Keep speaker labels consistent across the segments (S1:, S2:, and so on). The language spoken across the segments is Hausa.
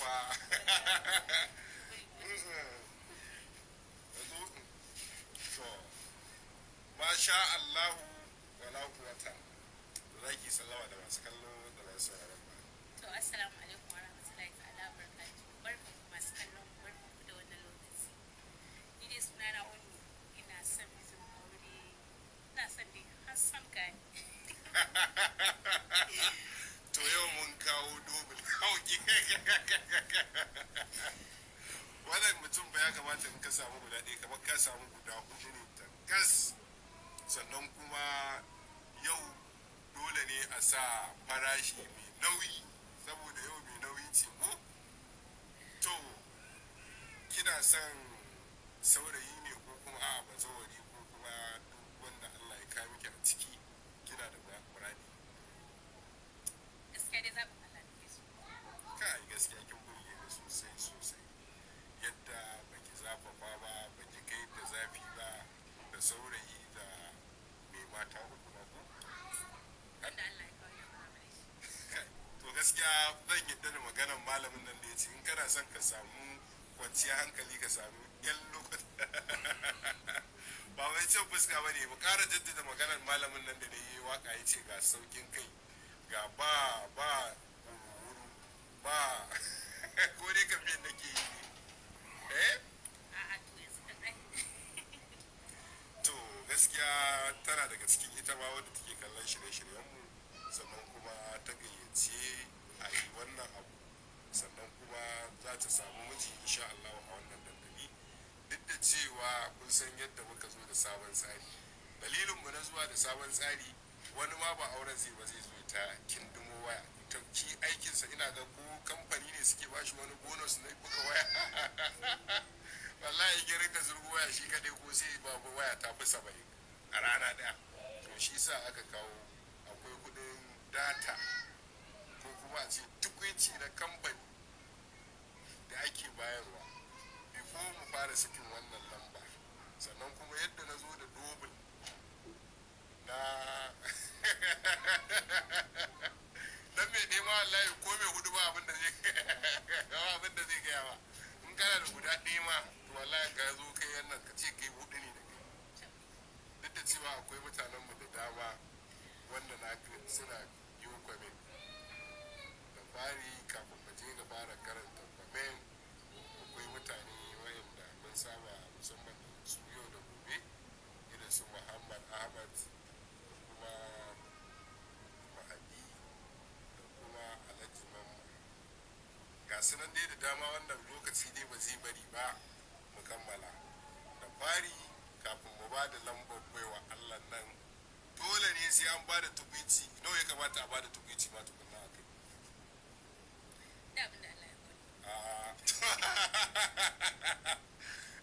S1: fa masha Allahu wala kuwata zaki sallama da masu kallo da masu to assalamu alaikum ka samu guda ɗaya kamar ka samu guda hudu ne gas sannan kuma yau dole ne a sa farashi mai nauyi saboda yau mai nauyi ce mu to kina san gaskiya zan yadda da maganar malamin nan da ya ce in kana son ka samu kwanciyar hankali ka samu yan lokuta ba mai cin fuska ba ne mu ƙara jaddada maganar malamin nan da ya yi waka ya ce ga saukin kai ga ba ba kuma za ta samu miji insha Allah a wannan dandali duk da cewa kun san yadda muka zo da sabon tsari dalilinmu na zuwa da sabon tsari wani ma ba auren zai ba zai zo ta kindimo waya ta ki aikinsa ina ga ko kamfani ne suke bashi wani bonus na buga waya wallahi gari rinka zurgo waya shi kadai ko sai ba waya ta fi saba'in a rana daya to shi sa aka kawo akwai kudin data sunan dai da dama wannan lokaci dai ba zai bari ba mu kammala da fari kafin mu ba da lambar baiwa allah nan dole ne sai an ba da tukunci nawa ya kamata a ba da tukunci ma tukunna a kai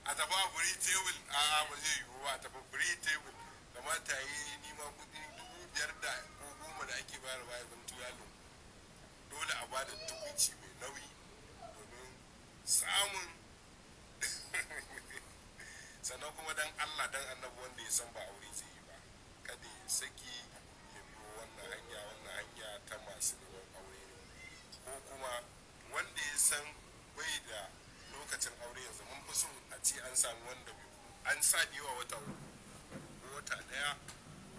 S1: a tafa free table a ba zai yiwu ba a tafa free table kamata yi nima kudi dubu biyar da goma da ake bayarwa ya zanto yalo dole a bada tukunci mai nauyi samun sannan kuma dan Allah dan annabi wanda ya san ba aure zai yi ba kada ya saki ya biyo wannan hanya wannan hanya ta masu neman aure ne ko kuma wanda ya san bai da lokacin aure yanzu mun fi so a ce an samu wanda an sa yawa wata uku ko wata daya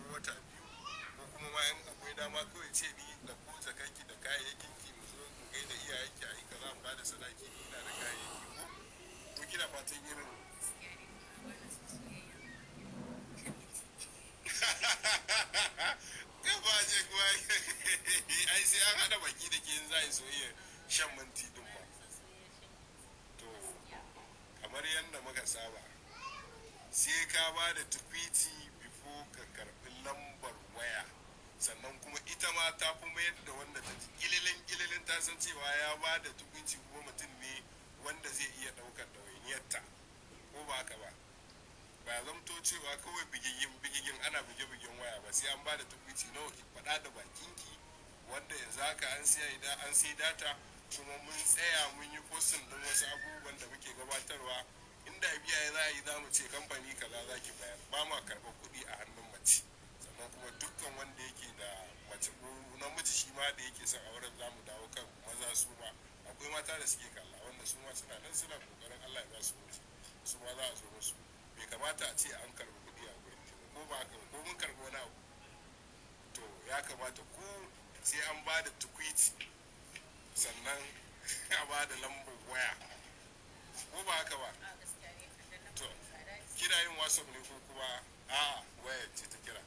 S1: ko wata biyu ko kuma ma yan akwai dama kawai ce ni san cewa ya ba da tukunci kuma mutum ne wanda zai iya ɗaukar ɗawainiyarta ko ba haka ba ba ya zamto cewa kawai bigigin bigigin ana buge-bugen waya ba sai an ba da tukunci nawa ki faɗa da bakinki wanda ya zaka an an sai data kuma mun tsaya mun yi postin don wasu abubuwan da muke gabatarwa inda biya za a yi za mu ce kamfani kaza za ki bayar ba ma karɓar kuɗi a hannu suke kalla wanda su ma suna nan suna kokarin Allah ya ba su wuce su ma za a zo musu bai kamata a ce an karbi kuɗi a gurin ko ba ka ko mun karbi wani abu to ya kamata ko sai an ba da tukwici sannan a ba da lambar waya ko ba haka ba to kina yin wasu ne ko kuma a waya ce ta kira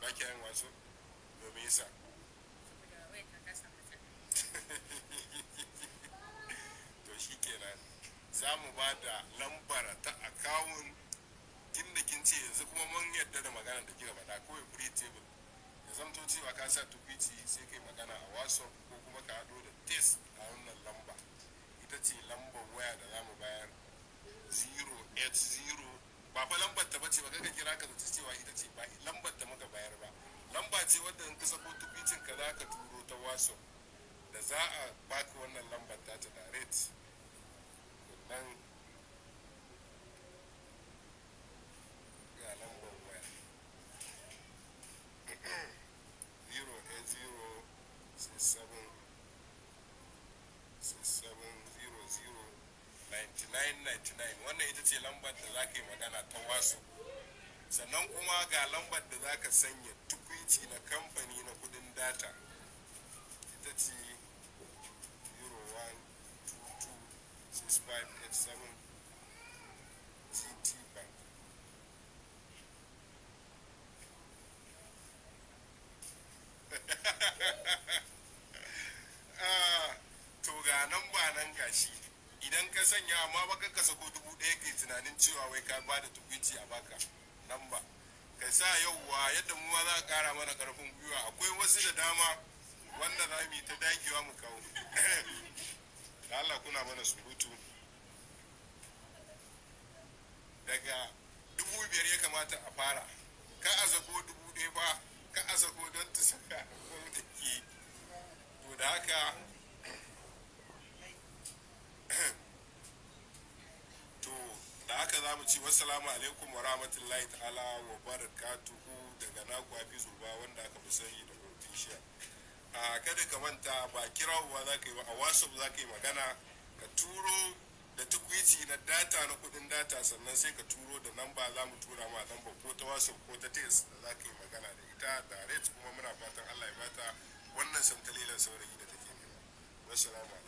S1: ba ki yin wasu domin yasa zamto cewa ka sa tukwici sai kai magana a whatsapp ko kuma ka haɗo da test a wannan lamba ita ce lambar waya da za mu bayar 080 ba fa lambar ta bace ba kaga kira ka zuci cewa ita ce ba lambar ta muka bayar ba lamba ce wadda in ka sako tukwicin ka za ka turo ta whatsapp da za a baka wannan lambar ta ta rate ake magana ta wasu sannan kuma ga lambar da za ka sanya tukunci na kamfani na kudin data ita ce euro 1226587 gt bank ah, to ga nan ba nan gashi idan ka sanya amma baka ka sako dubu ɗaya kai tunanin cewa wai ka ba da tukwici a baka nan ba ka sa yauwa yadda mu ma za a kara mana karfin gwiwa akwai wasu da dama wanda za mu yi ta dagewa mu kawo Allah kuna mana surutu daga dubu biyar ya kamata a fara ka a sako dubu ɗaya ba ka a sako don ta saka ko da ke to da haka haka za mu ci wassalamu alaikum wa rahmatullahi ta'ala wa barakatuhu daga na kwafi zuba wanda aka fi sani da shi a kada ka manta ba ba za ka yi ba a whatsapp za ka yi magana ka turo da tukwici na data na kudin data sannan sai ka turo da namba za mu tura ma lamba ko ta whatsapp ko ta text da za ka yi magana da ita direct kuma muna fatan allah ya bata wannan samtalilan saurayi da take nema wassalamu alaikum